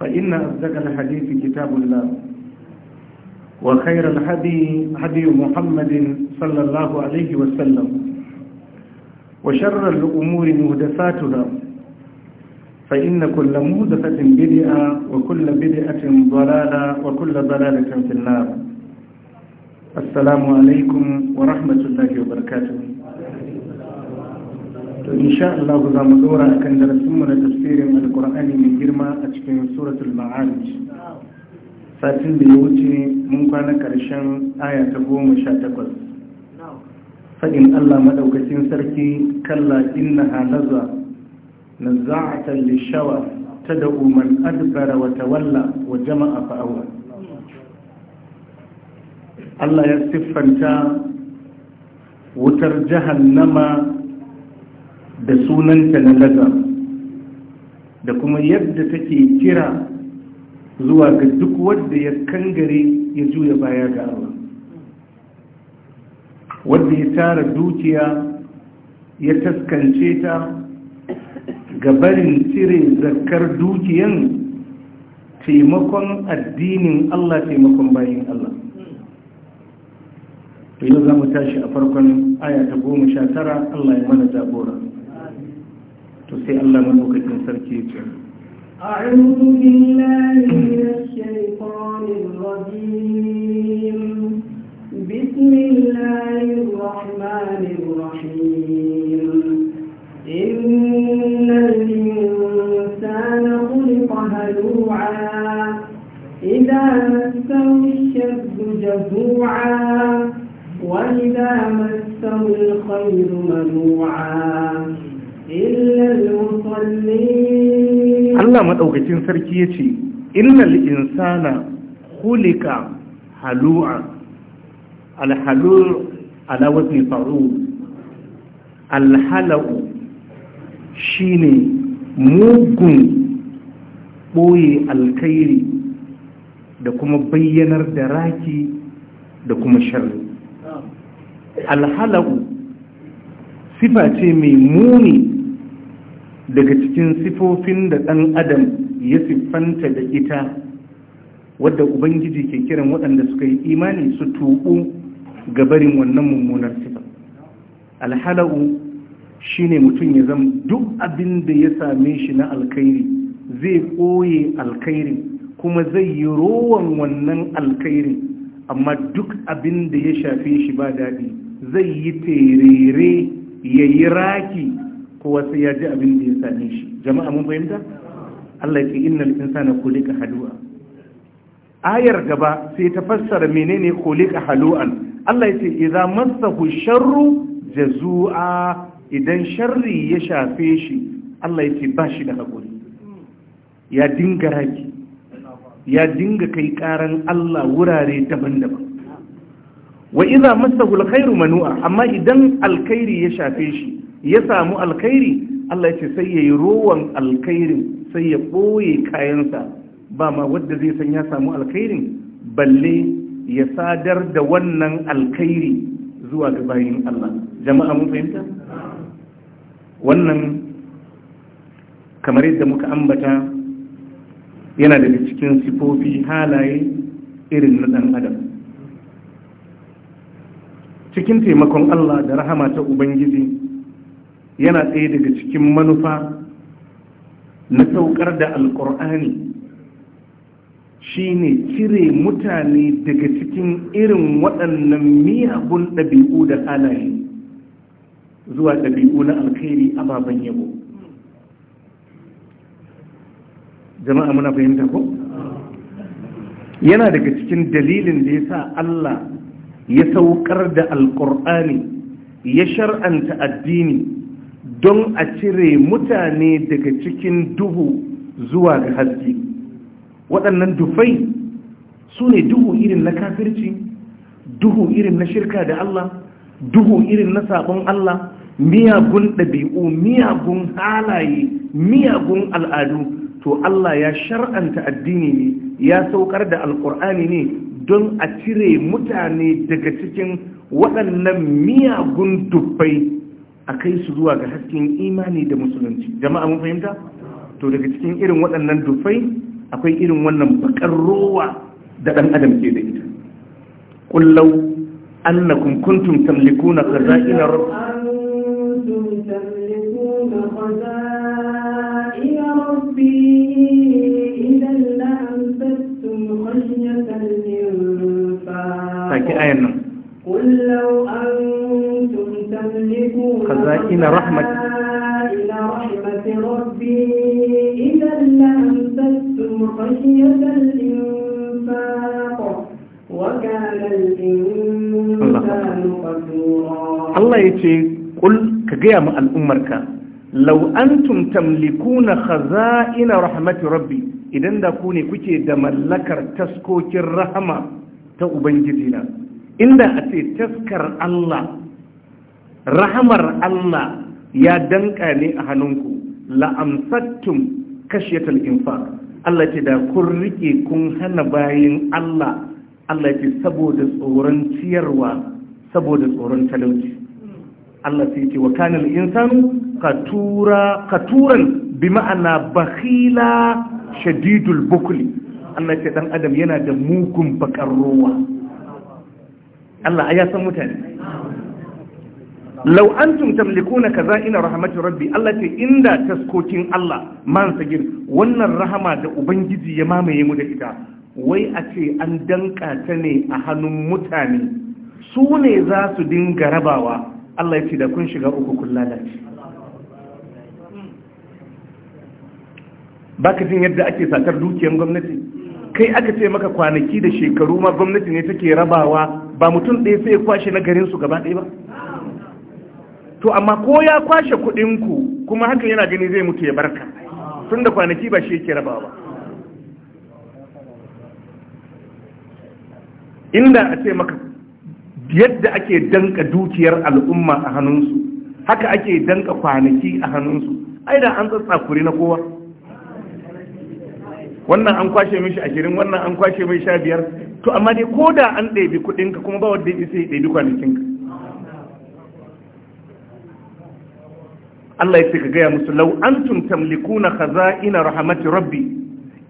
فإن أصدق الحديث كتاب الله وخير الحدي هدي محمد صلى الله عليه وسلم وشر الأمور مهدفاتها فإن كل مهدفة بدئة وكل بدئة ضلالة وكل ضلالة في النار السلام عليكم ورحمة الله وبركاته to insha Allah za mu dora akan darasin mu na tafsirin alqur'ani mai girma a cikin suratul ma'arij satin da ya wuce mun kwana karshen aya ta goma 18 fadin Allah madaukakin sarki kalla innaha nazza nazza'atan lishawa tad'u man adbara wa tawalla wa jama'a fa'awa Allah ya siffanta wutar jahannama da sunanta na nazar da kuma yadda take kira zuwa ga duk wanda ya kangare ya juya baya ga Allah wanda ya tara dukiya ya taskance ta ga barin cire zakar dukiyan taimakon addinin Allah taimakon bayin Allah to yau za mu tashi a farkon aya ta goma sha tara Allah ya mana jagora to sai Allah madaukakin sarki أعوذ بالله من الشيطان الرجيم بسم الله الرحمن الرحيم إن الإنسان خلق هلوعا إذا مسه الشر جزوعا وإذا مسه الخير منوعا Allah maɗaukacin sarki ya ce, Innal insana hulika halu'a, alhalur ne faru, alhalau shi ne mugun ɓoye alkairi da kuma bayyanar da raki da kuma sharri. Alhalau sifa ce mai muni daga cikin sifofin da ɗan adam ya siffanta da ita wadda ubangiji ke kiran waɗanda suka yi imani su tuɓu ga barin wannan mummunar sifa alhalau ne mutum ya zama duk abin da ya same shi na alkhairi zai ɓoye alkhairin kuma zai yi rowan wannan alkhairin amma duk abin da ya shafe shi ba daɗi zai yi terere ya yi raki kowa sai ya ji abin da ya same shi jama'a mun fahimta Allah ke innal insana khuliqa halu'a ayar gaba sai ta fassara menene khuliqa halu'an Allah yace idza massahu sharru jazua idan sharri ya shafe shi Allah yace ba shi da hakuri ya dinga raki ya dinga kai karan Allah wurare daban-daban wa idza massahu alkhairu manu'a amma idan alkhairi ya shafe shi ya samu alkhairi Allah ya ce sai ya yi rowan alkhairin sai ya ɓoye kayansa ba ma wadda zai san ya samu alkhairin balle ya sadar da wannan alkhairi zuwa ga bayin Allah jama'a mun fahimta wannan kamar yadda muka ambata yana da cikin sifofi halaye irin na ɗan adam cikin taimakon Allah da rahama ta Ubangiji yana ɗaya daga cikin manufa na saukar da alkur'ani shine cire mutane daga cikin irin waɗannan miyagun ɗabi'u da halaye zuwa ɗabi'u na alkhairi ababen yabo jama'a muna fahimta ko yana daga cikin dalilin da ya sa Allah ya saukar da alkur'ani ya shar'anta addini don a cire mutane daga cikin duhu zuwa ga haske waɗannan dufai su ne duhu irin na kafirci duhu irin na shirka da Allah duhu irin na sabon Allah miyagun ɗabi'u miyagun halaye miyagun al'adu to Allah ya shar'anta addini ne ya saukar da alƙur'ani ne don a cire mutane daga cikin waɗannan miyagun dubbai a kai su zuwa ga hasken imani da musulunci jama'a mun fahimta to daga cikin irin waɗannan dufai akwai irin wannan bakar rowa da ɗan adam ke da ita kullau annakum kuntum tamlikuna qaza'ina rabbi ayan nan خزائن رحمة رحمة ربي إذا لأمسكتم خشية الإنفاق وكان الإنسان قدورا الله يتي قل كقيام الأمرك لو أنتم تملكون خزائن رحمة ربي idan da ku ne kuke da mallakar taskokin rahama ta Ubangijina, inda a ce taskar Allah rahamar Allah ya danka ne a hannunku la'amsattum kashiyatul infaq Allah ce da kun rike kun hana bayin Allah Allah ce saboda tsoron ciyarwa saboda tsoron talauci Allah sai ce wa kanil insanu katura katuran bi ma'ana bakhila shadidul bukli Allah ce dan adam yana da mugun bakar ruwa Allah ya san mutane law antum tamlikuna kaza ina rahmatu rabbi Allah ce inda taskokin Allah man sagir wannan rahama da ubangiji ya mamaye mu da ita wai a ce an danka ta ne a hannun mutane su ne za su dinga rabawa Allah ya ce da kun shiga uku kun lalace ka jin yadda ake satar dukiyar gwamnati kai aka ce maka kwanaki da shekaru ma gwamnati ne take rabawa ba mutum ɗaya sai ya kwashe na garin su gaba ɗaya ba to amma ko ya kwashe kuɗinku kuma hakan yana gani zai mutu ya barka tun da kwanaki ba shi yake raba ba inda a ce maka yadda ake danka dukiyar al'umma a hannunsu haka ake danka kwanaki a hannunsu ai da an tsatsakuri na kowa wannan an kwashe mishi ashirin wannan an kwashe mai sha biyar to amma dai ko da an ɗabi kuɗinka kuma ba wadda ya isa ya ɗabi kwanakinka Allah ya ce ka gaya musu lau antum tamlikuna khaza'ina rahmati rabbi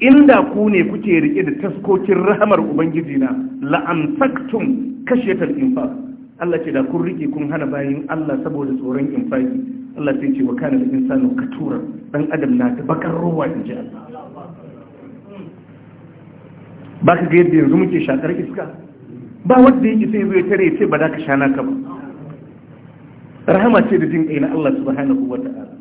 inda ku ne kuke rike da taskokin rahamar ubangiji na la'amsaktum kashetal infaq Allah ce da kun rike kun hana bayin Allah saboda tsoron infaki Allah sai ce wa kana al-insanu katura dan adam na da bakar ruwa ji Allah ba ka ga yadda yanzu muke shakar iska ba wanda yake sai zai tare ya ce ba za ka sha naka ba rahama ce da jin kai na Allah subhanahu wa ta'ala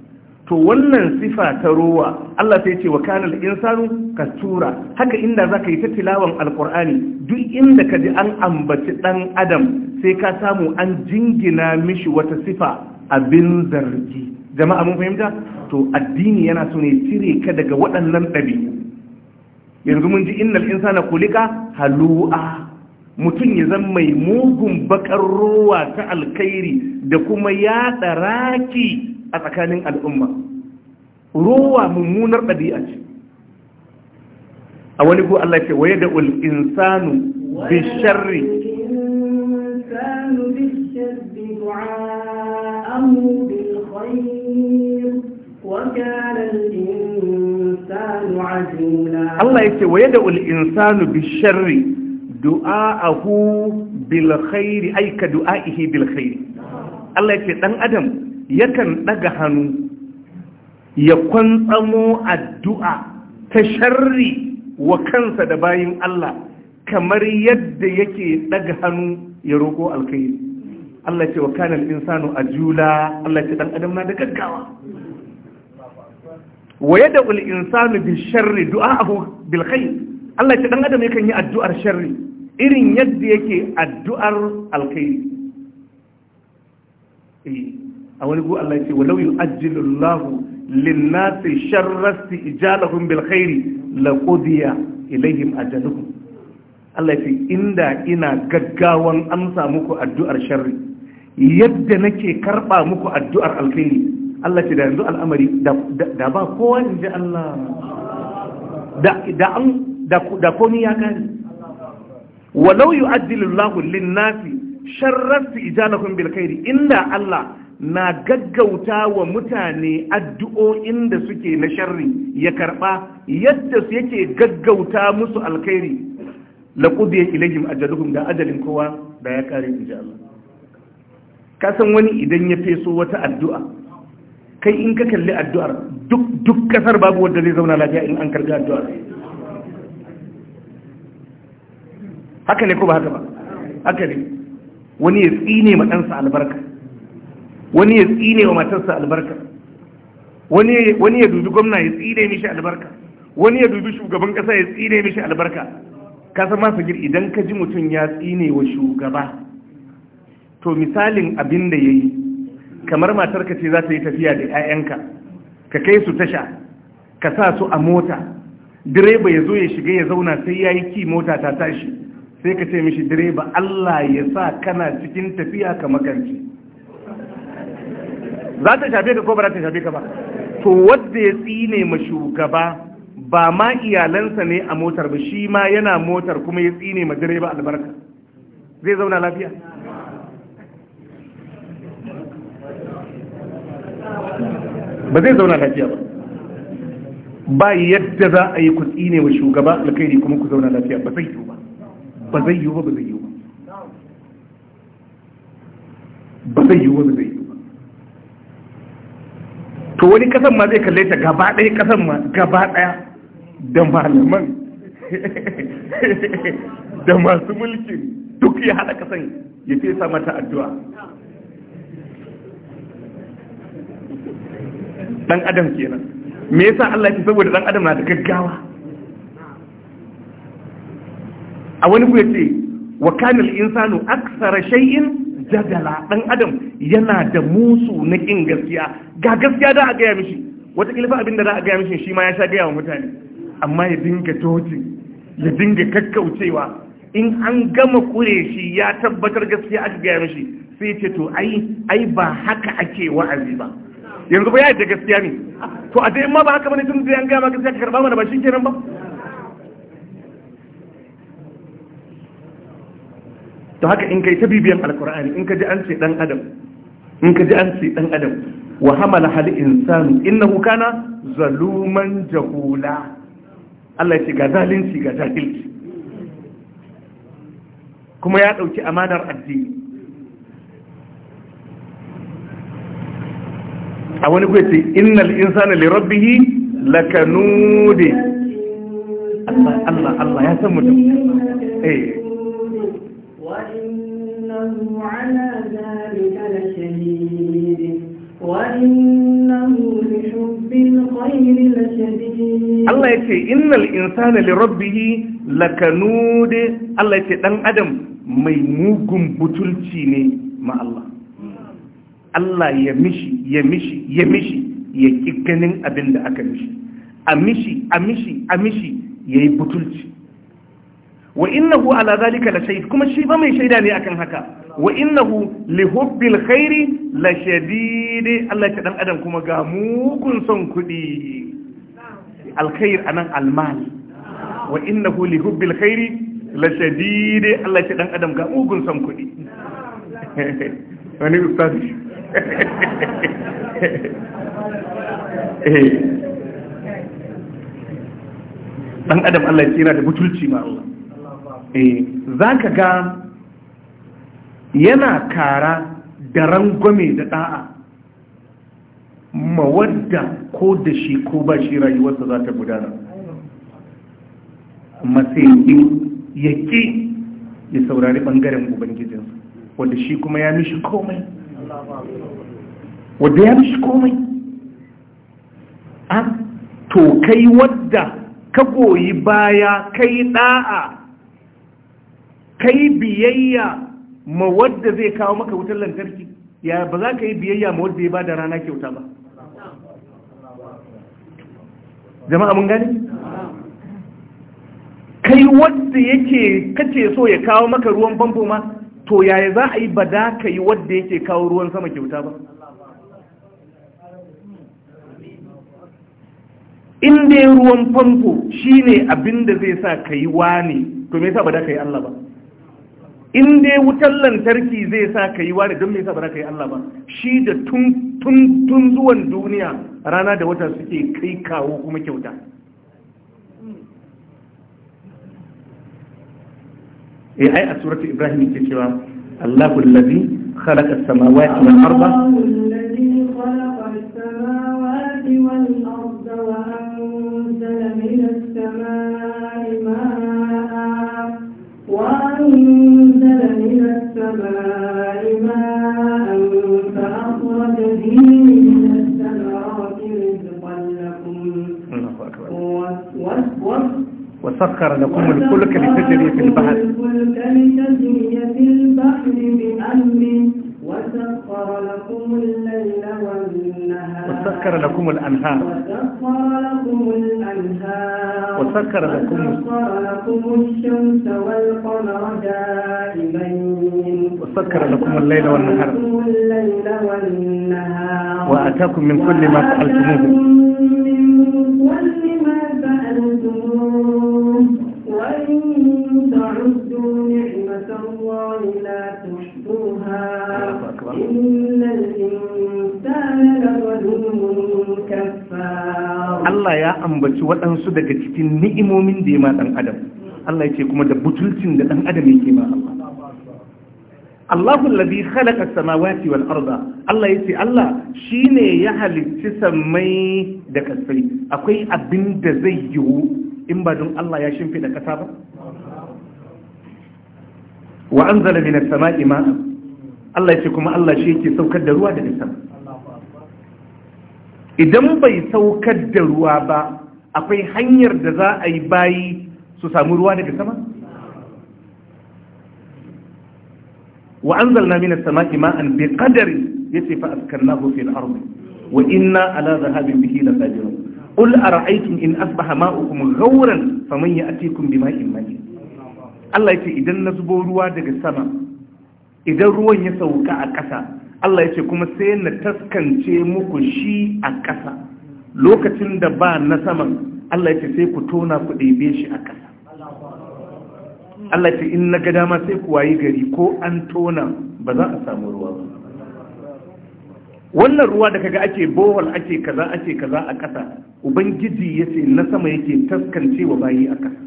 to wannan sifa ta ruwa Allah sai ce wa kanal insanu kastura haka inda zaka yi ta tilawan alqur'ani duk inda ka ji an ambaci dan adam sai ka samu an jingina mishi wata sifa abin zargi jama'a mun fahimta to addini yana so ne cire ka daga waɗannan ɗabi'u yanzu mun ji innal insana kulika halu'a mutum ya zan mai mugun bakar ruwa ta alkhairi da kuma ya raki a tsakanin al'umma ruwa mummunar ɗabi'a ce a wani ko Allah ce waye da ul'insanu bisharri Allah ya ce waye da ul'insanu bisharri du'a'ahu bil khairi ay ka du'a'ihi bil khairi Allah yake dan adam yakan daga hannu ya kwantsamo addu'a ta sharri wa kansa da bayin Allah kamar yadda yake daga hannu ya roko alkhairi Allah ce wa kana al-insanu ajula Allah ce dan adam na da gaggawa wa yad'u al-insanu bil sharri du'a'ahu bil khair Allah ce dan adam yakan yi addu'ar sharri irin yadda yake addu'ar alkhairi eh, a wani gu Allah ce walau yu'ajjilullahu lin-nasi sharrasti ijalahum bil khairi laqudiya ilaihim ajaluhum Allah ya ce inda ina gaggawan amsa muku addu'ar sharri yadda nake karɓa muku addu'ar alkhairi Allah ce da yanzu al'amari da ba kowa in ji Allah da ko ni ya kare walau yu'addilullahu lin-nasi sharratu ijanahum kuma bilkairi inda Allah na gaggauta wa mutane addu'o'in da suke na sharri ya karɓa yadda su yake gaggauta musu alkhairi la qudiya ilayhim ajalukun da ajalin kowa da ya kare insha ka san wani idan ya feso wata addu'a kai in ka kalli addu'ar duk kasar babu wanda zai zauna lafiya in an karbi addu'ar haka ne ko ba haka ba haka ne wani ya tsine ma ɗansa albarka wani ya tsine wa matarsa albarka wani ya dubi gwamna ya tsine mishi albarka wani ya dubi shugaban ƙasa ya tsine mishi albarka ka san masa gir idan ka ji mutum ya tsine wa shugaba to misalin abin da ya yi kamar matarka ce za ta yi tafiya da 'ya'yanka ka kai su tasha ka sa su a mota direba ya zo ya shiga ya zauna sai ya yi ki mota ta tashi sai ka ce mishi direba Allah ya sa kana cikin tafiya ka makanci za ta shafe ka ko ba za ta shafe ka ba to wadda ya tsine ma shugaba ba ma iyalansa ne a motar ba shi ma yana motar kuma ya tsine ma direba albarka zai zauna lafiya ba zai zauna lafiya ba ba yadda za a yi ku tsine wa shugaba alkhairi kuma ku zauna lafiya ba zai yiwu ba ba zai yiwu ba ba zai yiwu ba zai yiwu ba zai yiwu to wani kasan ma zai kalle ta gaba ɗaya kasan ma gaba ɗaya da malaman da masu mulki duk ya haɗa kasan ya sa mata addu'a dan adam kenan me yasa Allah ya saboda dan adam na da gaggawa a wani ku ce wa kanil insanu aksara shay'in jadala dan adam yana da musu na kin gaskiya ga gaskiya da aka gaya mishi wata kilfa abin da za a gaya mishi shi ma ya sha gaya wa mutane amma ya dinga toci ya dinga kakkaucewa in an gama kure shi ya tabbatar gaskiya aka gaya mishi sai ce to ai ba haka ake wa'azi ba yanzu ba ya da gaskiya ne to a dai ma ba haka bane tun da an gaya ma gaskiya ka karba mana ba shi kenan ba to haka in kai ta bibiyan alkur'ani in ka ji an ce dan adam in ka ji an ce dan adam wa hamala hal insanu innahu kana zaluman jahula Allah ya ce ga zalunci ga jahilci kuma ya dauki amanar addini a wani kuwa ce innal insana li rabbihi lakanud Allah Allah Allah ya san mutum eh وهو على ذلك لشهيد Allah ya ce, Innal insana li da lakanude Allah ya ce, ɗan adam mai mugun butulci ne ma Allah. Allah ya mishi, ya mishi, ya ganin abin da aka mishi. A mishi, a mishi, a mishi, ya yi butulci. wa innahu ala zalika la shahid kuma shi ba mai shaida ne akan haka wa innahu li hubbil khairi la shadid Allah ta dan adam kuma ga mugun son kudi alkhair anan almal wa innahu li hubbil khairi la shadid Allah ta dan adam ga mugun son kudi wani ustaz eh. dan adam Allah ya tsira da butulci ma Allah Eh, za ka ga yana kara da rangwame da ɗa'a mawadda ko da shi ko ba shi rayuwarsa za ta gudana matsayin ya ƙi ya saurari ɓangaren ubangijinsa wadda shi kuma ya mishi komai wadda ya mishi komai a ah, to kai wadda ka goyi baya kai ɗa'a kai biyayya ma wadda zai kawo maka wutar lantarki ya ba za ka yi biyayya ma wadda ya ba da rana kyauta ba jama'a mun gani kai wadda yake kace so ya kawo maka ruwan famfo ma to yaya za a yi ba da ka yi wadda yake kawo ruwan sama kyauta ba in ruwan famfo shine abin da zai sa ka yi wane, to me yasa ba da ka yi Allah ba in dai wutar lantarki zai sa ka yi ware don me yasa ba ka yi Allah ba shi da tun zuwan duniya rana da wata suke kai kawo kuma kyauta eh ai a suratul ibrahim ke cewa Allahu allazi khalaka samawa samawati wal arda وسخر لكم الفلك لتجري في البحر وسخر لكم الأنهار وسخر لكم الشمس والقمر دائبين وسخر لكم الليل والنهار وأتاكم من كل ما سألتموه Allah ya ambaci waɗansu daga cikin ni'imomin da ya ma ɗan adam Allah ya ce kuma da butulcin da ɗan adam yake ma Allah Allahu ladhi khalaqa samawati wal arda Allah ya ce Allah shi ne ya halicci sammai da kasai akwai abin da zai yiwu in ba don Allah ya shimfida kasa ba wa an anzala minas sama'i ma'a Allah ya ce kuma Allah shi yake saukar da ruwa daga sama idan bai saukar da ruwa ba akwai hanyar da za a yi bayi su samu ruwa daga sama wa anzalna minas samai ma'an bi ya ce fa askarnahu fil ardi wa ina ala zahabin bihi in قل أرأيتم إن أصبح faman ya فمن يأتيكم بماء مهين Allah ya ce idan na zubo ruwa daga sama idan ruwan ya sauka a ƙasa Allah ya ce kuma sai na taskance muku shi a ƙasa lokacin da ba na saman Allah ya ce sai ku tona ku ɗebe shi a ƙasa Allah ce in na ga dama sai ku wayi gari ko an tona ba za a samu ruwa ba wannan ruwa da kaga ake bohol ake kaza ake kaza a ƙasa ubangiji ya ce na sama yake taskance wa bayi a ƙasa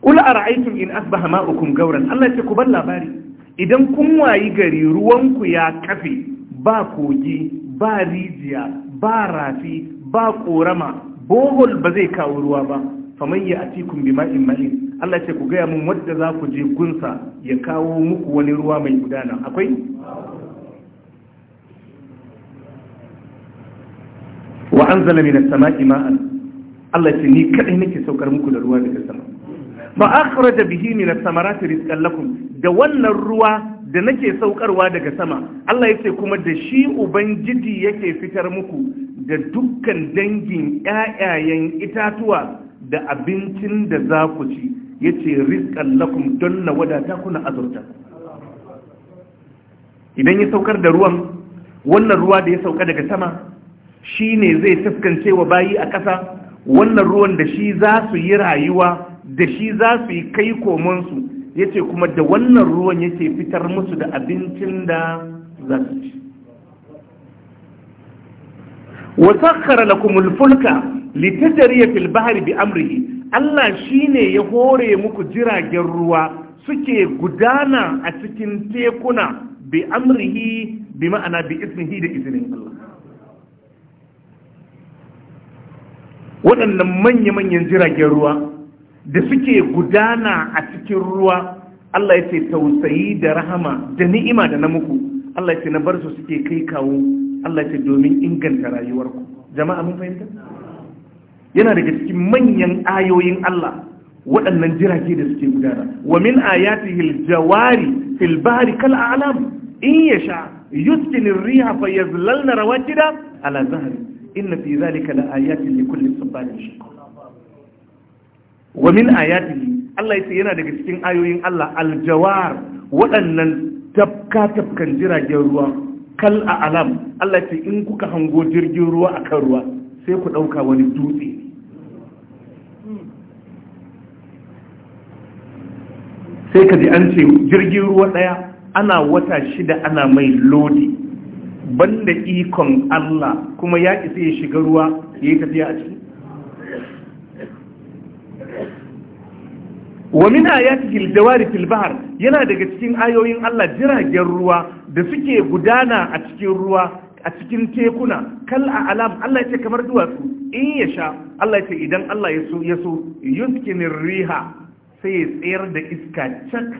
kula a ra'aikin in asbaha ma'ukum gauran Allah ce ku bar labari idan kun wayi gari ruwanku ya kafe ba kogi ba rijiya ba rafi ba ƙorama, bohol ba zai kawo ruwa ba famayya a cikin bi ma'in Allah ce ku gaya mun wadda za ku je gunsa ya kawo muku wani ruwa mai gudana akwai wa an zala minas sama'i ma'an Allah ce ni kadai nake saukar muku da ruwa daga sama ba akhraja bihi minas samarati rizqan lakum da wannan ruwa da nake saukarwa daga sama Allah ya ce kuma da shi ubangiji yake fitar muku da dukkan dangin ƴaƴayen itatuwa da abincin da za ku ci ya ce rizkan lakum don na wadata kuna azurta idan ya saukar da ruwan wannan ruwa da ya sauka daga sama shi ne zai taskance wa bayi a ƙasa wannan ruwan da shi za su yi rayuwa da shi za su yi kai komonsu ya ce kuma da wannan ruwan yake fitar musu da abincin da za su ci wa sakhara lakum al-fulka litajriya fil bahri bi amrihi Allah shine ya hore muku jiragen ruwa suke gudana a cikin tekuna bi amrihi bi ma'ana bi ismihi da izinin Allah waɗannan manya-manyan jiragen ruwa da suke gudana a cikin ruwa Allah ya ce tausayi da rahama da ni'ima da na muku Allah ya ce na bar su suke kai kawo Allah ce domin inganta rayuwarku jama'a mun fahimta yana daga cikin manyan ayoyin Allah waɗannan jirage da suke gudana wa min ayatihi aljawari fil bahri kal a'lam in yasha yuskinu ar-riha fa fayazlalna rawakida ala zahri inna fi dhalika la ayatin li kulli sabarin shakur wa min ayatihi Allah ya yace yana daga cikin ayoyin Allah aljawar waɗannan tafka tafkan jiragen ruwa kal a alam Allah ce in kuka hango jirgin ruwa a kan ruwa sai ku ɗauka wani dutse sai ka ji an ce jirgin ruwa ɗaya ana wata shida ana mai lodi banda ikon Allah kuma ya isa ya shiga ruwa ya yi tafiya a ciki wa min ayatihi aljawari fil bahr yana daga cikin ayoyin Allah jiragen ruwa da suke gudana a cikin ruwa a cikin tekuna kal a alam Allah ce kamar duwatsu in ya sha Allah ce idan Allah ya so ya so yuskinir riha sai ya tsayar da iska cak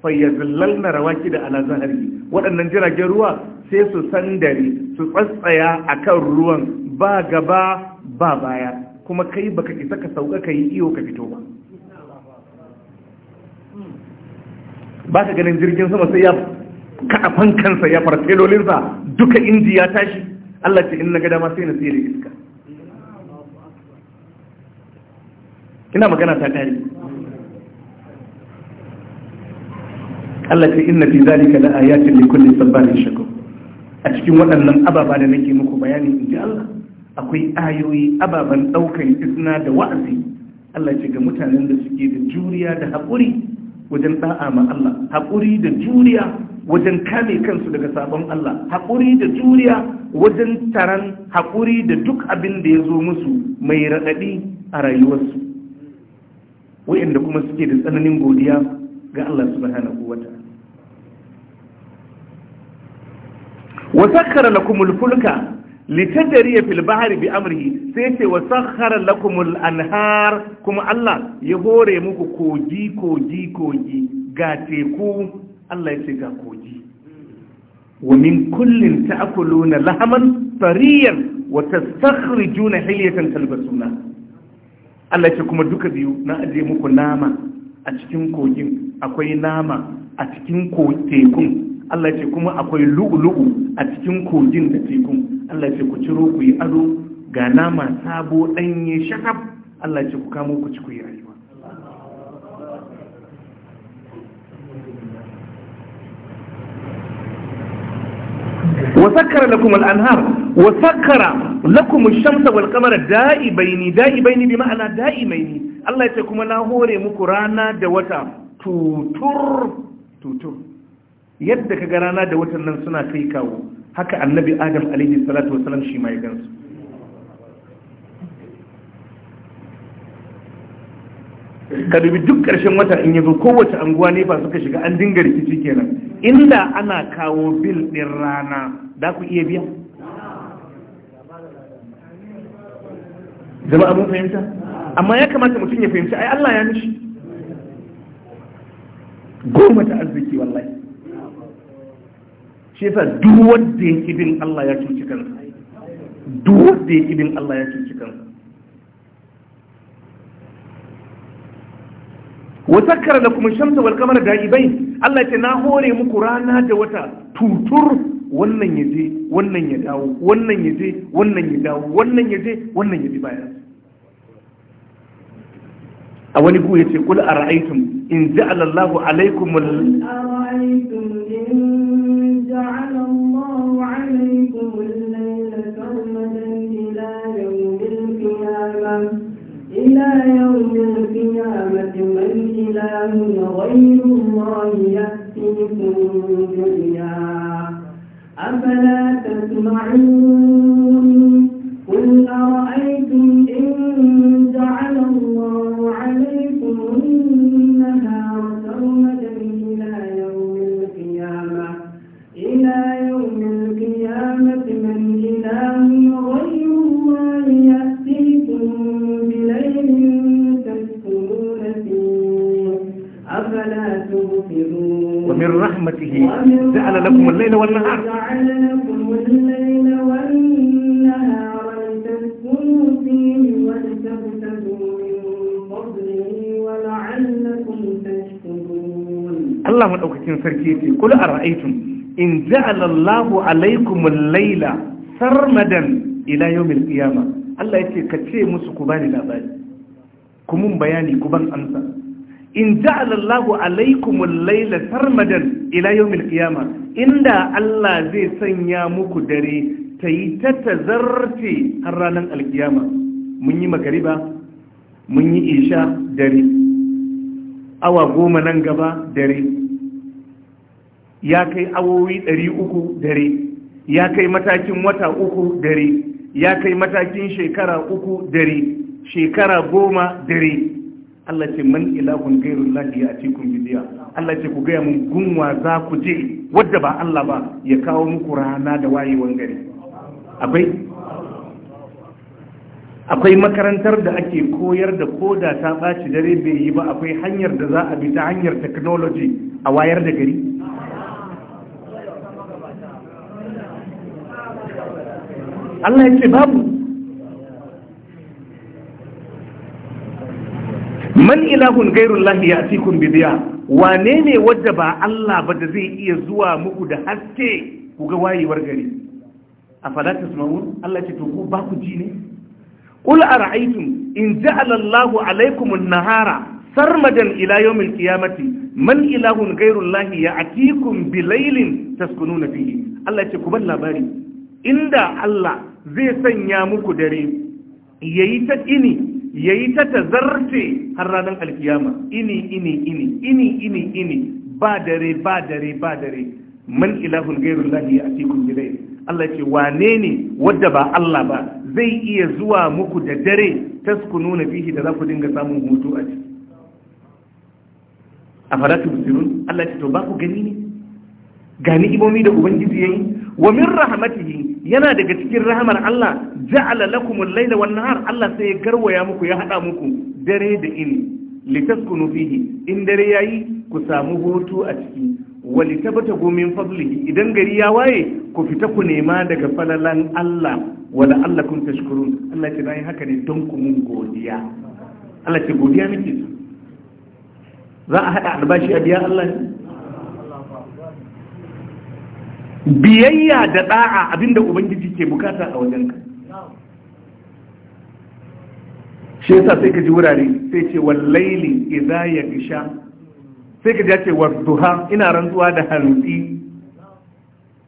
fa yazallalna rawaki da ala zahari waɗannan jiragen ruwa sai su sandare su tsatsaya kan ruwan ba gaba ba baya kuma kai baka isa ka sauka ka yi iyo ka fito ba ba ka ganin jirgin sama sai ya kada fankansa ya farfelolinsa duka inji ya tashi Allah ce in na gada ma sai na tsere iska ina magana ta kare Allah ce na fi zalika ya ayatin li kulle sabbanin shakur a cikin waɗannan ababa da nake muku bayani in ji Allah akwai ayoyi ababan ɗaukar isna da wa'azi Allah ce ga mutanen da suke da juriya da haƙuri wajen da'a ma Allah haƙuri da juriya wajen kame kansu daga sabon Allah haƙuri da juriya wajen taran haƙuri da duk abin da ya zo musu mai raɗaɗi a rayuwarsu wa'inda kuma suke da tsananin godiya ga Allah subhanahu wa ta'ala wa na lakumul fulka litadariya fil bahari bi amrihi sai ce wa sakhara lakumul anhar kuma Allah ya hore muku kogi kogi kogi ga teku Allah ya ce ga kogi wa min kullin ta'kuluna lahaman tariyan wa tastakhrijuna hilyatan talbasuna Allah ya ce kuma duka biyu na aje muku nama a cikin kogin akwai nama a cikin tekun Allah ya ce kuma akwai lu'lu'u a cikin kogin da tekun Allah ce ku ciro ku yi ado ga nama sabo ɗanye shakaf Allah ce ku kamo ku ci ku yi rayuwa. Wasakara lakum al’anhar, wasakara lakum shamsa wal da’i bai ni, da’i bai ni bi ma’ana da’i mai ni, Allah ce kuma na hore muku rana da wata tutur, tutur. yadda ka ga rana da watan nan suna kai kawo haka annabi adam alaihi salatu wasalam shi ma ya gansu ka dubi duk ƙarshen wata in yanzu kowace anguwa ne ba suka shiga an dinga rikici kenan inda ana kawo bil ɗin rana da ku iya biya zama abin fahimta amma ya kamata mutum ya fahimci ai Allah ya nishi. goma ta arziki wallahi shi yasa duk wanda ya kibin Allah ya cuci kansa duk wanda ya kibin Allah ya cuci kansa wasakkara da kuma shamsa wal kamar da'ibai Allah ce na hore muku rana da wata tutur wannan ya je wannan ya dawo wannan ya je wannan ya dawo wannan ya je wannan ya bi bayan a wani gu ya ce kul ara'aytum in ja'ala Allahu alaykum ara'aytum in إله غير الله يأتيكم بضياء أفلا تسمعون madaukakin sarki ce kul ara'aytum in ja'ala Allahu alaykum al-laila sarmadan ila yawmil qiyamah Allah ya ce ka ce musu ku bani labari ku bayani ku ban amsa in ja'ala Allahu alaykum al-laila sarmadan ila yawmil qiyamah inda Allah zai sanya muku dare ta yi ta tazarce har ranar alkiyama mun yi magariba mun yi isha dare awa goma nan gaba dare ya kai awowi ɗari uku dare ya kai matakin wata uku dare ya kai matakin shekara uku dare shekara goma dare Allah ce man ilahun gairun lafi a cikin bidiya Allah ce ku gaya mun gunwa za ku je wadda ba Allah ba ya kawo muku rana da wayewan gari akwai akwai makarantar da ake koyar da koda ta ɓaci dare bai yi ba akwai hanyar da za a bi ta hanyar technology a wayar da gari Allah ya ce babu man ilahun gairullahi ya tikun bidiya wane ne wadda ba Allah ba da zai iya zuwa muku da haske ku ga wayewar gari a fadata sumamun Allah ce to ku ba ku ji ne qul ara'aytum in ja'ala Allahu alaykum an-nahara sarmadan ila yawmil qiyamati man ilahun gairullahi ya atikum bilailin taskununa fihi Allah ce ku ban labari inda Allah zai sanya muku dare yayi ta ini yayi ta tazarce har ranar alkiyama ini ini ini ini ini ini ba dare ba dare ba dare man ilahun gairun lahi a cikin gidai Allah ce wane ne wadda ba Allah ba zai iya zuwa muku da dare taskunu nuna fihi da za ku dinga samun hutu a ciki a faratu bisirun Allah ce to ba ku gani ne gani ni'imomi da ubangiji yayi wa min rahmatihi yana daga cikin rahmar Allah ja'ala lakumul Layla wan nahar Allah sai ya garwaya muku ya hada muku dare da ini litaskunu fihi in dare yayi ku samu hutu a ciki wa litabtagu min fadlihi idan gari ya waye ku fita ku nema daga falalan Allah wa la'allakum tashkurun Allah ya ce haka ne don ku mun godiya Allah ce godiya nake za a hada albashi a biya Allah ne biyayya da da'a abinda ubangiji ke bukata a wajenka shi yasa sai ka ji wurare sai ce laili idza ya sai ka ji ce wa duha ina rantsuwa da hantsi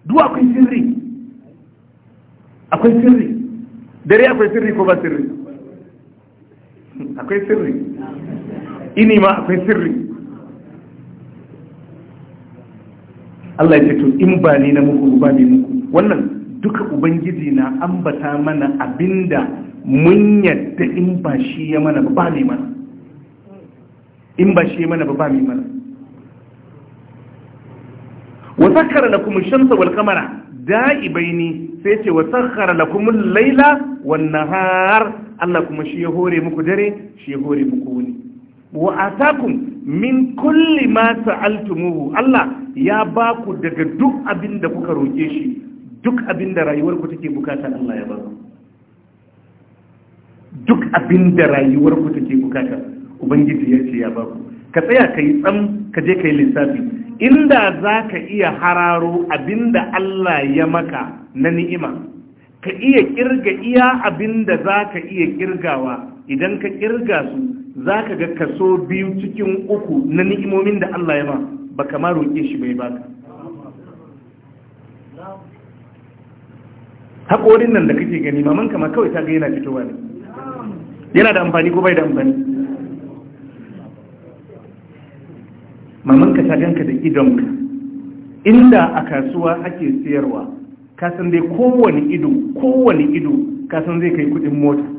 duwa akwai sirri akwai sirri dare akwai sirri ko ba sirri akwai sirri ini ma akwai sirri Allah ya ce to in ba ni na muku ba ni muku wannan duka ubangiji na ambata mana abinda mun yadda in ba shi ya mana ba ne mana in ba shi ya mana ba ne mana wa sakkara lakum ash-shamsa wal qamara da'ibaini sai ce wa sakkara lakum al-laila wan nahar Allah kuma shi ya hore muku dare shi ya hore muku wuni wa atakum min kulli ma sa'altumuhu Allah ya ba ku daga duk abin da kuka roke shi duk abin da rayuwar ku take bukata Allah ya ba ku duk abin da rayuwar ku take bukata ubangiji ya ce ya ba ku ka tsaya kai tsam ka je kai lissafi inda za ka iya hararo abin da Allah ya maka na ni'ima ka iya kirga iya abin da za ka iya kirgawa idan ka kirga su za ka ga kaso biyu cikin uku na ni'imomin da Allah ya ba ba kama roƙe shi bai baka haƙorin nan da kake gani maman kama kawai ta ga yana fitowa ne yana da amfani ko bai da amfani maman ka ta ganka da idonka inda a kasuwa ake siyarwa kasan dai kowane ido kowane ido kasan zai kai kudin mota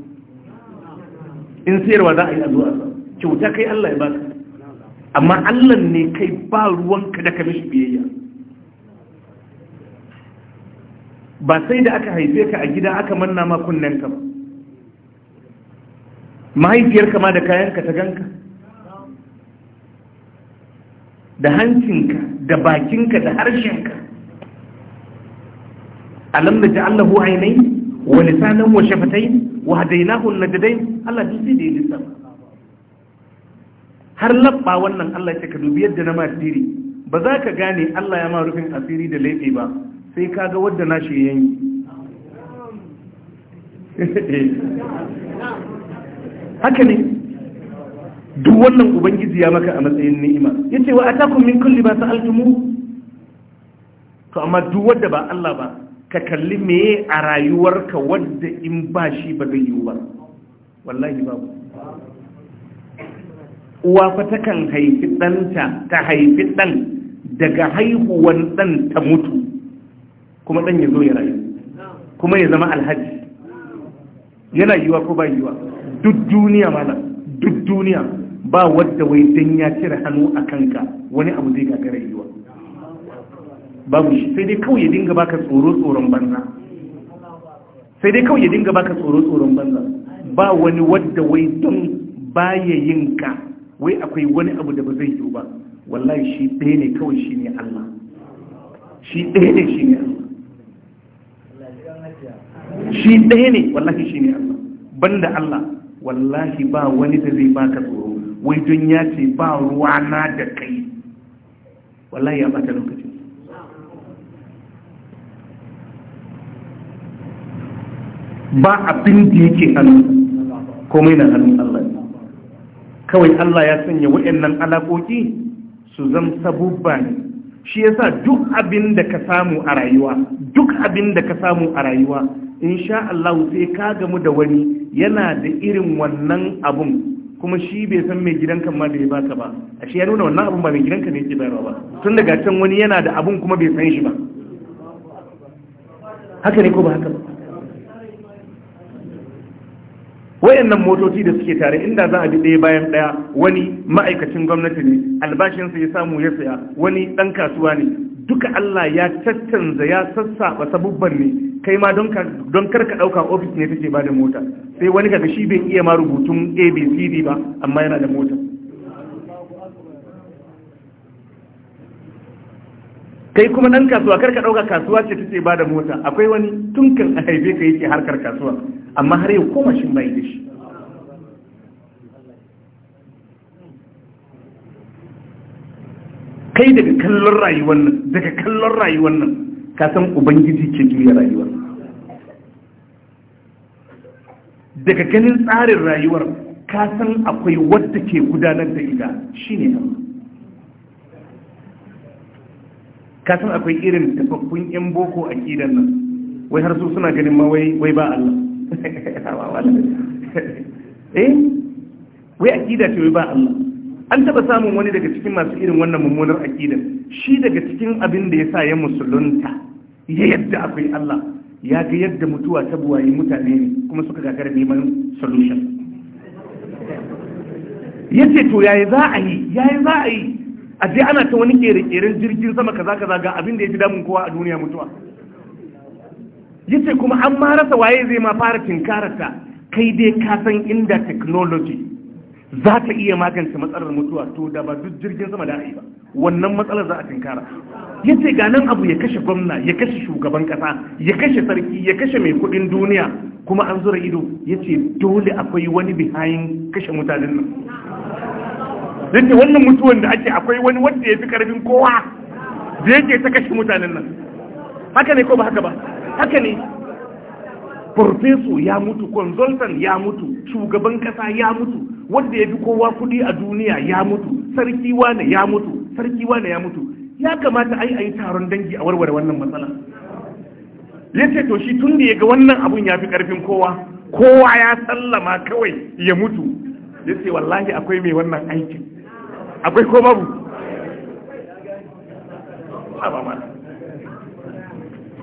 in sayarwa za a yi kyauta kai Allah ya baka amma Allah ne kai ba ruwanka da shi biyayya ba sai da aka haife ka a gida aka manna ma kunnenka ba mahaifiyarka ma da kayanka ta ganka da hancinka da bakinka da harshenka alam da ja'allahu ainai wa lisanan wa shafatai wa hadainahu najdain Allah duk sai da sama. har labba wannan Allah ya ka dubi yadda na ma asiri ba za ka gane Allah ya ma rufin asiri da laifi ba sai ka ga wadda na shi haka ne duk wannan ubangiji ya maka a matsayin ni'ima yace wa atakum min kulli ma sa'altumu to amma duk wanda ba Allah ba ka kalli meye a rayuwarka wadda in ba shi ba zai yiwu ba wallahi babu uwa fa takan haifi ɗanta ta haifi ɗan daga haihuwan ɗan ta mutu kuma ɗan ya zo ya rayu kuma ya zama alhaji yana yiwa ko ba yiwa duk duniya mana duk duniya ba wadda wai dan ya cire hannu a kanka wani abu zai gagara yiwa babu shi sai dai kawai ya dinga baka tsoro tsoron banza sai dai kawai ya dinga baka tsoro tsoron banza ba wani wadda wai don baya yin ka wai akwai wani abu da ba zai yi ba wallahi shi ɗaya ne kawai shi ne Allah shi ɗaya ne shi ne Allah shi ɗaya ne wallahi shi ne Allah banda Allah wallahi ba wani da zai baka tsoro wai don ya ce ba ruwana da kai wallahi ya bata lokaci ba abin da yake hannu komai na hannun Allah kawai Allah ya sanya nan alaƙoƙi su zama sabubba ne shi yasa duk abin da ka samu a rayuwa duk abin da ka samu a rayuwa insha Allah sai ka gamu da wani yana da irin wannan abun kuma shi bai san mai gidanka ma da ya baka ba a shi ya nuna wannan abun ba mai gidanka ne yake bayarwa ba tun daga can wani yana da abun kuma bai san shi ba haka ne ko ba haka ba wayannan motoci da suke tare inda za a bi ɗaya bayan ɗaya wani ma'aikacin gwamnati ne albashinsa ya samu ya saya wani ɗan kasuwa ne duka Allah ya tattanza ya sassaɓa sabubban ne kai ma don kar ka ɗauka ofis ne take ba da mota sai wani kaga shi bai iya ma rubutun abcd ba amma yana da mota kai kuma nan kasuwa karka ɗauka kasuwa ce take ba da mota akwai wani tunkan a haife ka yake harkar kasuwa amma har yau koma shi bai da kai daga kallon rayuwar nan daga kallon rayuwar nan ka san ubangiji ke juya rayuwar daga ganin tsarin rayuwar ka san akwai wadda ke gudanar da ita shine Allah ka san akwai irin tafaffun yan boko a kidan nan wai har su suna ganin ma wai ba Allah eh wai akida ce wai ba Allah an taba samun wani daga cikin masu irin wannan mummunar akidan shi daga cikin abin da ya sa ya musulunta ya yadda akwai Allah ya ga yadda mutuwa ta buwaye mutane ne kuma suka gagara neman solution yace to yayi za a yi yayi za a yi a jiya ana ta wani kere-keren jirgin sama ka ga abin da ya fi damun kowa a duniya mutuwa ce kuma an ma rasa waye zai ma fara tinkararta kai dai ka san inda technology za ta iya magance matsalar mutuwa to da ba duk jirgin sama da ba wannan matsalar za a tinkara yace ga nan abu ya kashe gwamna ya kashe shugaban kasa ya kashe sarki ya kashe mai kudin duniya kuma an zura ido Ya ce dole akwai wani bihayin kashe mutanen nan yace wannan mutuwan da ake akwai wani wanda ya fi karfin kowa da yake ta kashe mutanen nan haka ne ko ba haka ba haka ne farfesu ya mutu konsultan ya mutu shugaban kasa ya mutu wanda ya fi kowa kudi a duniya ya mutu sarki wane ya mutu sarki wane ya mutu ya kamata ai ayi taron dangi a warware wannan matsala ya ce to shi tun da ya ga wannan abun ya fi karfin kowa kowa ya sallama kawai ya mutu ya ce wallahi akwai mai wannan aikin akwai ko babu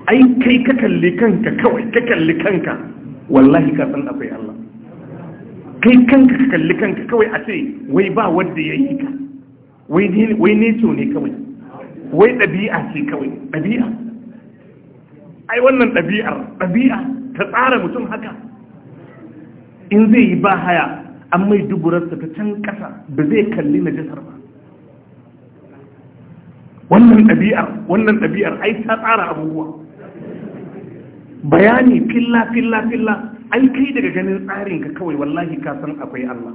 ai kai ka kalli kanka kawai ka kalli kanka wallahi ka san akwai Allah kai kanka ka kalli kanka kawai a ce wai ba wanda ya yi ka wai neco ne kawai wai ɗabi'a ce kawai ɗabi'a ai wannan ɗabi'ar ɗabi'a ta tsara mutum haka in zai yi ba haya an mai duburarsa ta can ƙasa ba zai kalli na jisar ba wannan ɗabi'ar wannan ɗabi'ar ai ta tsara abubuwa bayani filla filla filla ai kai daga ganin tsarin ka kawai wallahi ka san akwai Allah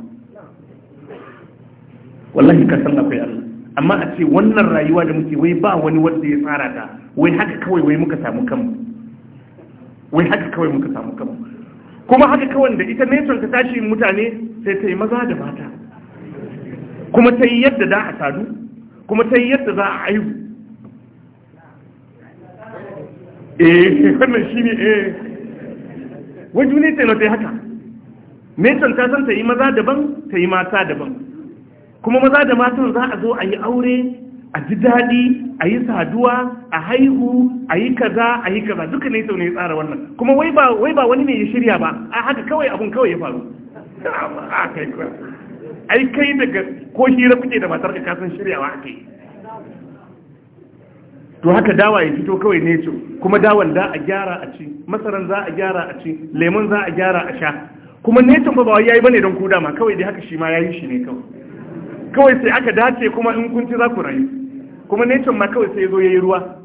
wallahi ka san akwai Allah amma a ce wannan rayuwa da muke wai ba wani wanda ya tsara ta wai haka kawai wai muka samu kanmu wai haka kawai muka samu kanmu kuma haka kawai da ita neton ta tashi mutane sai ta yi maza da mata kuma ta yi yadda za a sadu kuma ta yi yadda za a aihu eh wannan shi ne eh wajen ne tailo ta yi haka can ta san ta yi maza daban ta yi mata daban kuma maza da matan za a zo a yi aure a ji daɗi a yi saduwa a haihu a yi kaza a yi kaza duka ne sau ne tsara wannan kuma wai ba wani ne ya shirya ba a haka kawai abun kawai ya faru ai kai daga ko hira kuke da matar ka san shiryawa akai to haka dawa ya fito kawai ne ce kuma dawan za a gyara a ci masaran za a gyara a ci lemun za a gyara a sha kuma ne ba ba yayi bane don ku dama kawai dai haka shi ma yayi shi ne kawai kawai sai aka dace kuma in kun ci za ku rayu kuma ne ma kawai sai zo yayi ruwa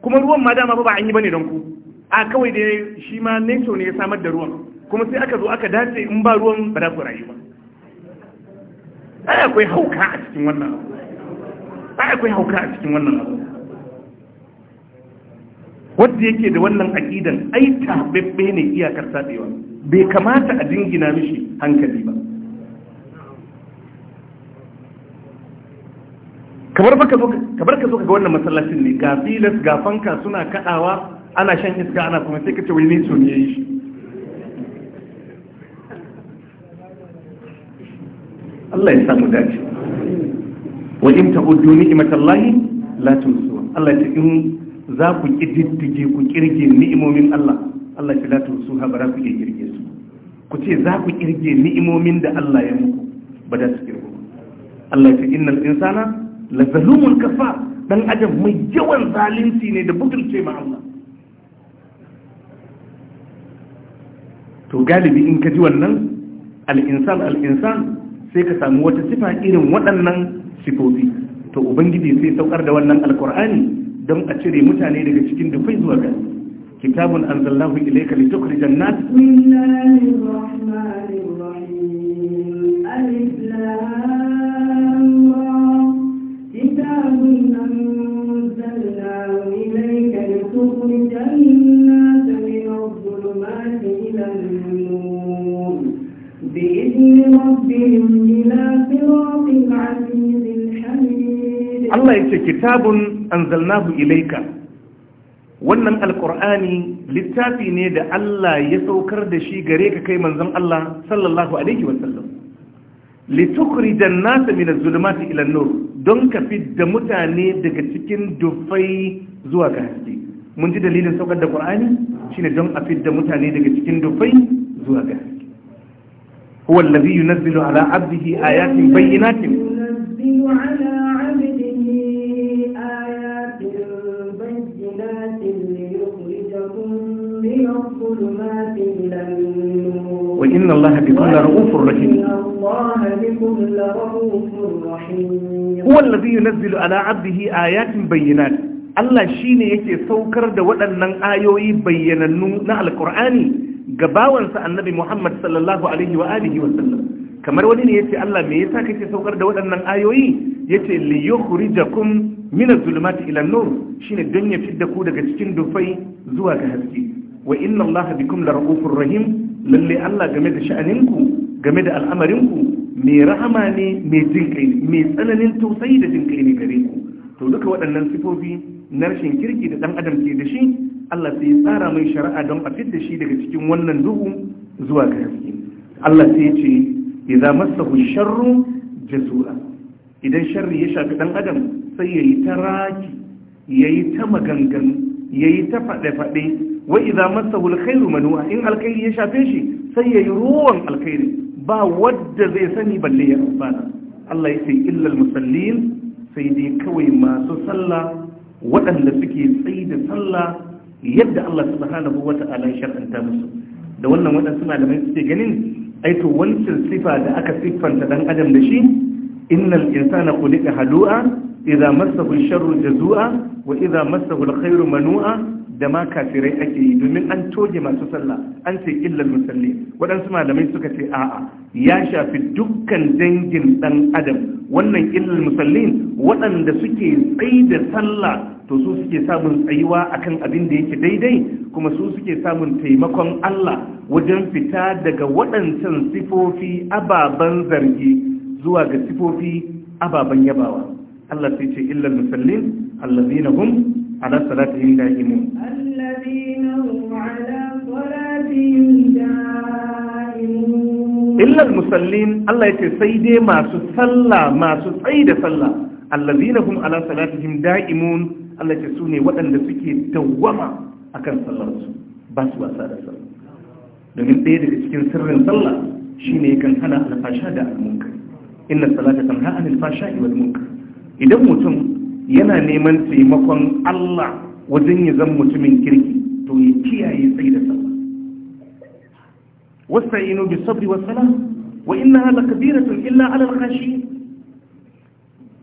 kuma ruwan ma dama ba an yi bane don ku a kawai dai shi ma neto ne ya samar da ruwan kuma sai aka zo aka dace in ba ruwan ba za ku rayu ba ai akwai hauka a cikin wannan abu akwai hauka a cikin wannan abu wanda yake da wannan aƙidan ai tabebbe ne iyakar sabewa bai kamata a dingina mishi hankali ba kamar baka zo ka zo ga wannan masallacin ne ga filas ga fanka suna kadawa ana shan iska ana kuma sai ka ce wai ne so ne yayi shi Allah ya samu dace wa in ta'uddu ni'matallahi la tuhsuha Allah ya in za ku kididdige ku kirge ni'imomin Allah Allah ya la tuhsuha ba bara ku kirge su ku ce za ku kirge ni'imomin da Allah ya muku ba da su kirgo Allah ya innal insana la zalumul kafa dan adam mai yawan zalunci ne da butulce ma Allah to galibi in ka ji wannan al'insan al'insan sai ka samu wata sifa irin waɗannan sifofi to ubangiji sai saukar da wannan alkur'ani don a cire mutane daga cikin dufai zuwa ga kitabun anzallahu ilayka litukhrijan nas min Allah ya ce kitabun Anzalnahu الله wannan alkur'ani littafi ne da Allah ya saukar da shi gare ka kai manzon Allah sallallahu alaihi wasallam litukhrijan nasa min az-zulumati ila an-nur don ka fidda mutane daga cikin dufai zuwa ga haske mun ji dalilin saukar da qur'ani shine don a fidda mutane daga cikin dufai zuwa ga haske هو الذي ينزل على عبده آيات بينات ينزل على عبده آيات بينات ليخرجكم من الظلمات إلى النور وإن الله بكم لرؤوف رحيم هو الذي ينزل على عبده آيات بينات Allah shi ne yake saukar da waɗannan ayoyi bayyanannu na Alƙur'ani ga bawansa annabi Muhammad sallallahu alaihi wa alihi wa sallam kamar wani ne ya ce Allah me yasa kake saukar da waɗannan ayoyi yace li yukhrijakum min adh zulumati ila an-nur shine dan ya fidda ku daga cikin dufai zuwa ga haske wa inna allaha bikum larufur rahim lalle Allah game da sha'aninku game da al'amarinku mai rahama ne mai jinkai tsananin tausayi da jinkai ne gare ku to duka waɗannan sifofi na rashin kirki da ɗan adam ke da shi Allah sai ya tsara mai shari'a don a fitar shi daga cikin wannan duhu zuwa ga haske Allah sai ya ce idza sharru jazura idan sharri ya shafi dan adam sai yayi ta raki yi ta maganganu yi ta fade fade wa idza massahu alkhairu manua in alkairi ya shafe shi sai yayi ruwan alkairi. ba wadda zai sani balle ya amfana Allah ya sai illa musallin sai dai kawai masu sallah waɗanda suke tsayi da sallah yadda Allah subhanahu wa ta'ala ya shar'anta musu da wannan waɗansu malamai suke ganin aito wancan sifa da aka siffanta dan adam da shi innal insana khuliqa halu'a idza massahu sharru jazua wa idza massahu alkhairu manu'a da ma kafirai ake yi domin an toge masu sallah an ce illal musalli waɗansu malamai suka ce a'a ya shafi dukkan dangin ɗan adam wannan illal musallin waɗanda suke tsaye da sallah to su suke samun tsayuwa akan abin da yake daidai kuma su suke samun taimakon Allah wajen fita daga waɗancan sifofi ababen zargi zuwa ga sifofi ababen yabawa Allah sai ce illal musallin allazina hum ala salatihim da'imun allazina hum ala salatihim da'imun illal musallin Allah yace sai dai masu sallah masu tsayi da sallah allazina hum ala salatihim da'imun Allah ce su ne waɗanda suke dawwama akan sallarsu ba su wasa da sallar domin ɗaya daga cikin sirrin sallah ne kan hana alfasha da almunka inna salata tanha alfasha fashai wal munkar idan mutum yana neman taimakon Allah wajen ya zan mutumin kirki to ya kiyaye tsayi da sallah wasta'inu bis sabri was salah wa innaha lakabiratun illa ala al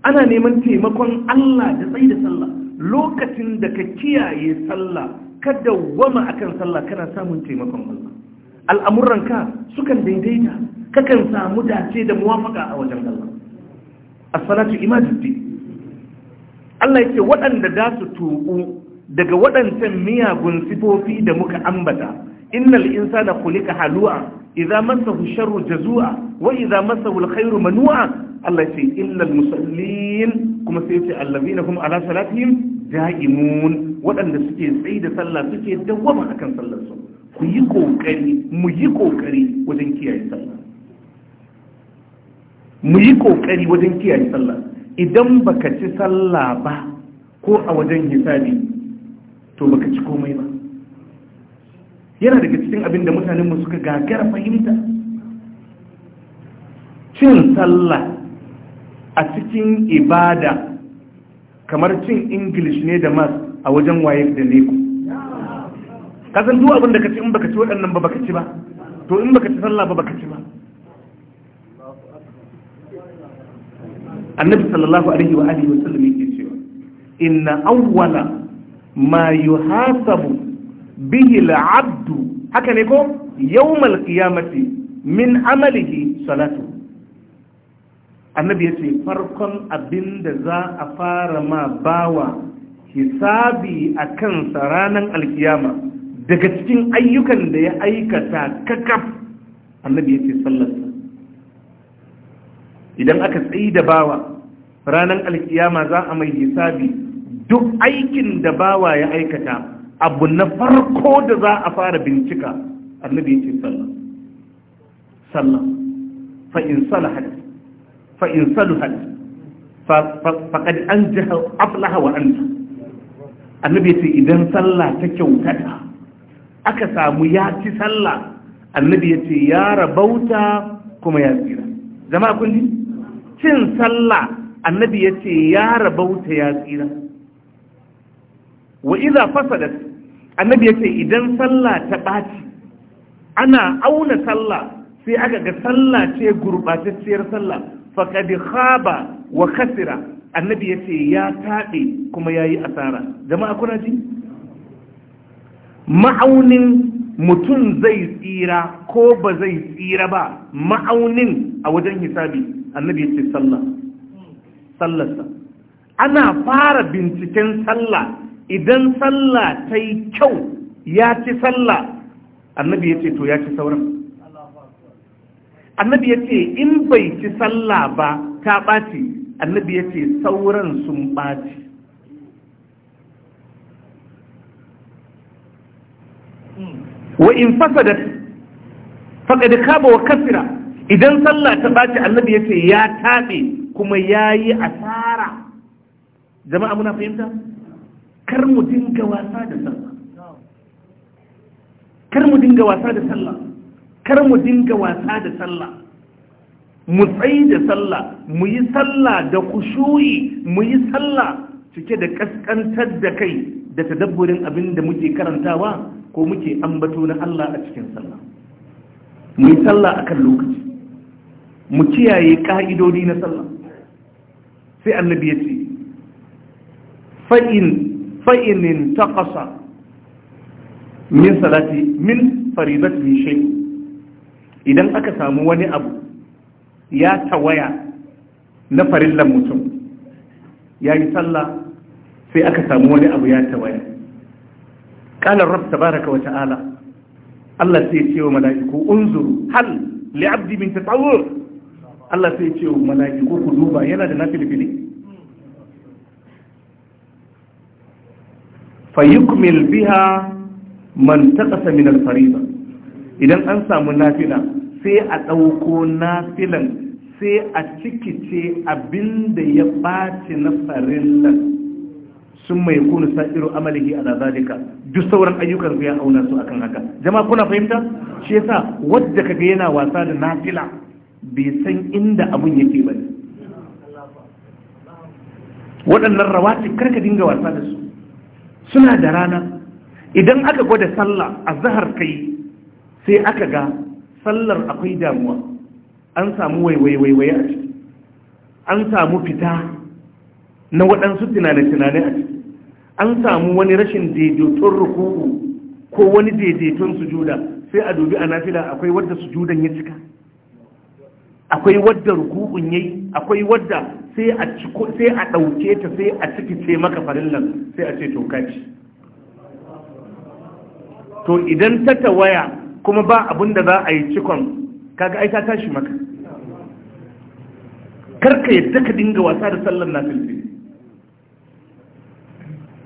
ana neman taimakon Allah da tsayi da sallah lokacin da ka kiyaye sallah ka dawwama akan sallah kana samun taimakon Allah al'amuranka sukan daidaita kakan samu dace da muwafaka a wajen Allah as-salatu imaduddin Allah yake waɗanda za su tuɓu daga waɗancan miyagun sifofi da muka ambata innal insana khuliqa halu'a idza massahu sharru jazua wa idza massahu alkhairu manua Allah ya ce illal musallin kuma sai ya ce allazina ala salatihim da'imun waɗanda suke tsayi da sallah suke dawwama akan sallar su ku yi kokari mu yi kokari wajen kiyaye sallah mu yi kokari wajen kiyaye sallah idan baka ci sallah ba ko a wajen hisabi to baka ci komai ba yana daga cikin abin da mutanenmu suka gagara fahimta cin sallah a cikin ibada kamar cin english ne da mas a wajen waye da neko kasan duk abin da ka ci in baka ci waɗannan ba baka ci ba to in baka ci sallah ba baka ci ba annabi sallallahu alaihi wa alihi wa sallam yake cewa inna awwala ma yuhasabu bihi al-'abdu haka ne ko yawmal qiyamati min amalihi salatu annabi ya ce farkon abin da za a fara ma bawa hisabi a kansa ranar alkiyama daga cikin ayyukan da ya aikata kakaf annabi ya ce sallarsa idan aka tsayi da bawa ranar alkiyama za a mai hisabi duk aikin da bawa ya aikata abu na farko da za a fara bincika annabi ya ce sallah sallah fa in fa in saluhat faqad anjaha aflaha wa anta annabi ce idan sallah ta kyautata aka samu ya ci sallah annabi ya ce ya rabauta kuma ya tsira jama'a kun cin sallah annabi ya ce ya rabauta ya tsira wa iza fasadat annabi ya ce idan sallah ta ɓaci ana auna sallah sai aka ga sallah ce gurɓatacciyar sallah faƙadi khaba wa kasira annabi ya ce ya taɗe kuma ya yi asara jama'a kuna ji ma'aunin mutum zai tsira ko ba zai tsira ba ma'aunin a wajen hisabi annabi ya ce sallarsa ana fara binciken sallah idan sallah ta yi kyau ya ci sallah annabi ya ce to ya ci sauran annabi ya ce in bai ci sallah ba ta ɓaci annabi ya ce sauran sun ɓaci wa in fasadat faqad kaba wa kasira idan sallah ta ɓaci annabi ya ce ya taɓe kuma ya yi asara jama'a muna fahimta kar mu dinga wasa da sallah kar mu dinga wasa da sallah kar mu dinga wasa da sallah mu tsayi da sallah mu yi sallah da kushuyi mu yi sallah cike da kaskantar da kai da tadabburin abin da muke karantawa ko muke ambato na Allah a cikin sallah mu yi sallah kan lokaci mu kiyaye ka'idodi na sallah sai annabi ya ce fa'in fa'inin taqasa min salati min faridati shay idan aka samu wani abu ya tawaya na farillan mutum ya yi sallah sai aka samu wani abu ya tawaya Kanar rab baraka wata ala. Allah sai ce wa mala'iku unzuru hal li'abdi min tatawur Allah sai ce wa mala'iku ku duba yana da fili-fili. fa yukmil biha man taqasa min al-fariḍa idan an samu nafila sai a ɗauko filan sai a ciki cikice abinda ya ɓaci na nan sun mai kunu sa'iru amalihi a zazalika duk sauran ayyukan ya auna su akan haka jama'a kuna fahimta shi yasa wadda kaga yana wasa da nafila bai san inda abun yake ba waɗannan rawati karka dinga wasa da su suna da rana idan aka gwada sallah a zahar kai sai aka ga sallar akwai damuwa an samu waiwaiwaiwai a ciki an samu fita na waɗansu tunane-tunane a ciki an samu wani rashin daidaiton rukuku ko wani daidaiton sujuda sai a dubi a nafila akwai wadda sujudan ya cika akwai wadda rukukun yayi akwai wadda sai a ɗauke ta sai a ciki ce maka farillan sai a ce to to idan ta tawaya kuma ba abin da za a yi cikon kaga ai ta tashi maka karka yadda ka dinga wasa da sallar filfi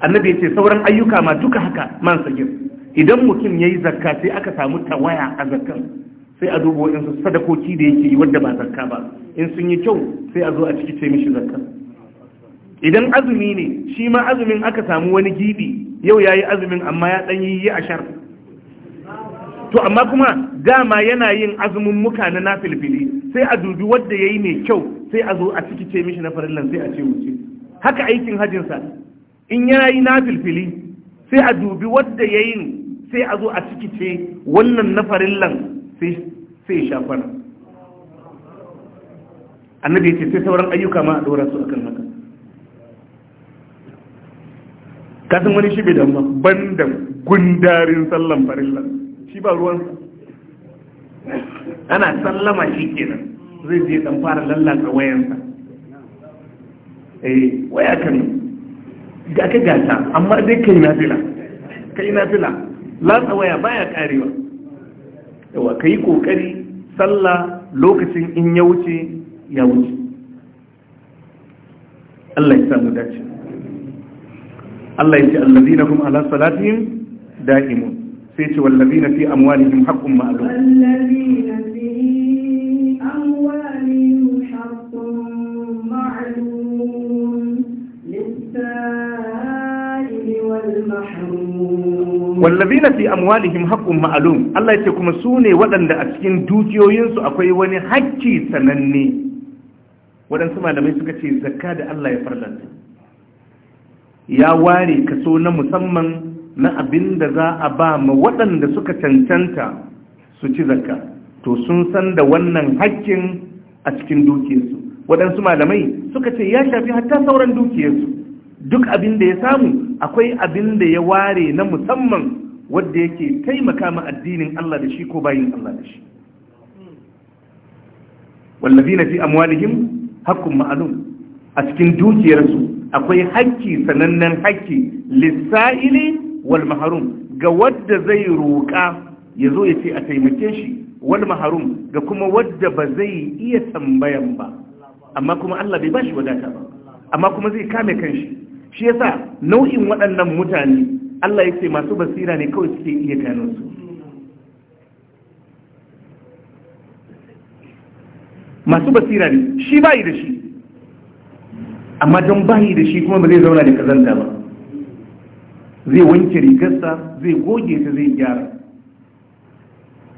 annabi ya ce sauran ayyuka ma duka haka man sagir idan mutum ya yi zakka sai aka samu tawaya a zakkan sai a dubo yansu sadakoki da yake yi wadda ba zakka ba in sun yi kyau sai a zo a ciki ce mishi zakka idan azumi ne shi ma azumin aka samu wani gidi, yau ya yi azumin amma ya ɗan yi yi a shar to amma kuma dama yana yin azumin muka na nafilfili sai a dubi wadda ya yi mai kyau sai a zo a ciki ce mishi na farillan sai a ce wuce haka aikin hajinsa in yi nafilfili sai a dubi wadda ya yi sai a zo a ciki ce wannan na farillan sai sai shafana annabi ya ce sai sauran ayyuka ma a dora su akan haka kasan wani shi bai da ban da gundarin sallan farillan shi ba ruwansa ana sallama shi kenan zai je dan fara lallata wayansa eh waya kan ga ka gata amma dai kai na fila kai na fila latsa waya baya karewa yawa kai kokari sallah lokacin in ya wuce ya wuce Allah ya samu dace Allah ya ce allazina hum ala salatihim da'imun sai ce wallabi na fi amwalihim haƙƙun ma'lum wallabi na fi amwalihim haqqun haƙƙun lis-sa'ili wal mahrum Allah ce kuma su ne waɗanda a cikin dukiyoyinsu akwai wani hakki sananne waɗansu malamai suka ce zakka da Allah ya farlanta ya ware kaso na musamman na abin da za a ba ma waɗanda suka cancanta su ci zakka to sun san da wannan haƙƙin a cikin dukiyarsu waɗansu malamai suka ce ya shafi hatta sauran dukiyarsu duk abin da ya samu akwai abin da ya ware na musamman wadda yake taimaka ma addinin Allah da shi ko bayin Allah da shi wallazina fi amwalihim haqqun ma'lum a cikin dukiyarsu akwai haƙƙi sanannen hakki lissa'ili wal maharum ga wadda zai roƙa ya zo ya ce a taimake shi wal maharum ga kuma wadda ba zai iya tambayan ba amma kuma Allah bai bashi wadata ba amma kuma zai kame kanshi shi yasa nau'in waɗannan mutane Allah ya ce masu basira ne kawai suke iya gano su masu basira ne shi bayi da shi amma don bayi da shi kuma ba zai zauna da kazanta ba zai wanke rigarsa zai goge ta zai gyara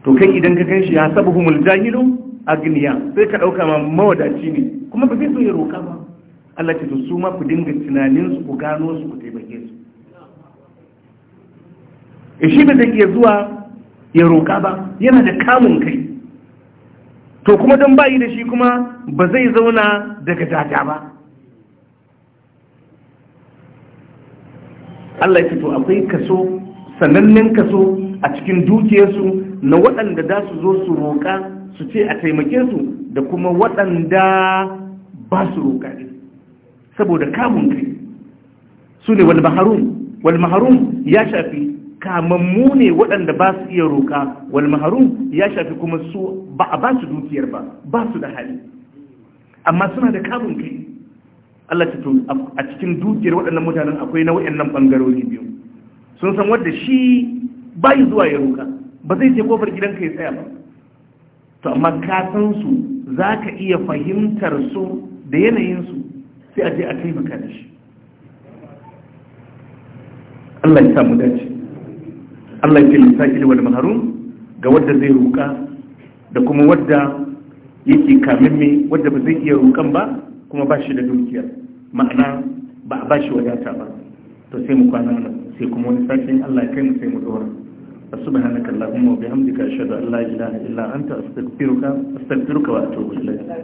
to kai idan ka kai shi ya saba humul jahilu agniya sai ka ɗauka ma mawadaci ne kuma ba zai so ya roƙa ba Allah ce to su ma ku dinga tunanin su ku gano su ku taimake su e shi ba zai iya zuwa ya roƙa ba yana da kamun kai to kuma don bayi da shi kuma ba zai zauna daga dada ba Allah ya to akwai kaso sanannen kaso a cikin dukiyarsu na waɗanda za su zo su roƙa su ce a taimake su da kuma waɗanda ba su roƙa ne saboda kamun kai su ne walmaharun, walmaharun ya shafi kamammu ne waɗanda ba su iya roƙa walmaharun ya shafi kuma su ba a ba su dukiyar ba ba su da hali amma suna da kamun kai Allah ta a cikin dukiyar waɗannan mutanen akwai na waɗannan ɓangarori biyu sun san wadda shi bai zuwa ya roƙa ba zai je kofar gidanka ya tsaya ba to amma ka san su za ka iya fahimtar su da yanayin su sai a je a taimaka da shi Allah ya samu dace Allah ya tilasta ilwal maharum ga wadda zai roƙa da kuma wadda yake me wadda ba zai iya roƙan ba kuma ba shi da dukiya ma'ana ba a ba shi wadata ba to sai mu kwana nan sai kuma wani sashen Allah ya kai mu sai mu dora subhanaka allahumma wa bihamdika ashhadu an la ilaha illa anta astaghfiruka astaghfiruka wa atubu ilayk